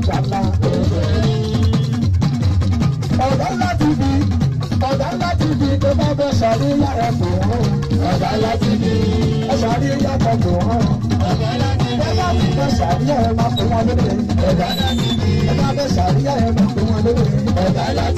ìjà ńlá. Ọ̀dàlá TV Ọ̀dàlá TV tó bá bẹ́ ṣàríyá ẹ̀ kò hàn. Ọ̀dàlá TV ṣàríyá kan kò hàn. Ọ̀dàlá TV bẹ́ ṣàríyá ẹ̀ máa fún wọn lóde. Ọ̀dàlá TV bá bẹ́ ṣàríyá ẹ̀ máa fún wọn lóde. Ọ̀dàlá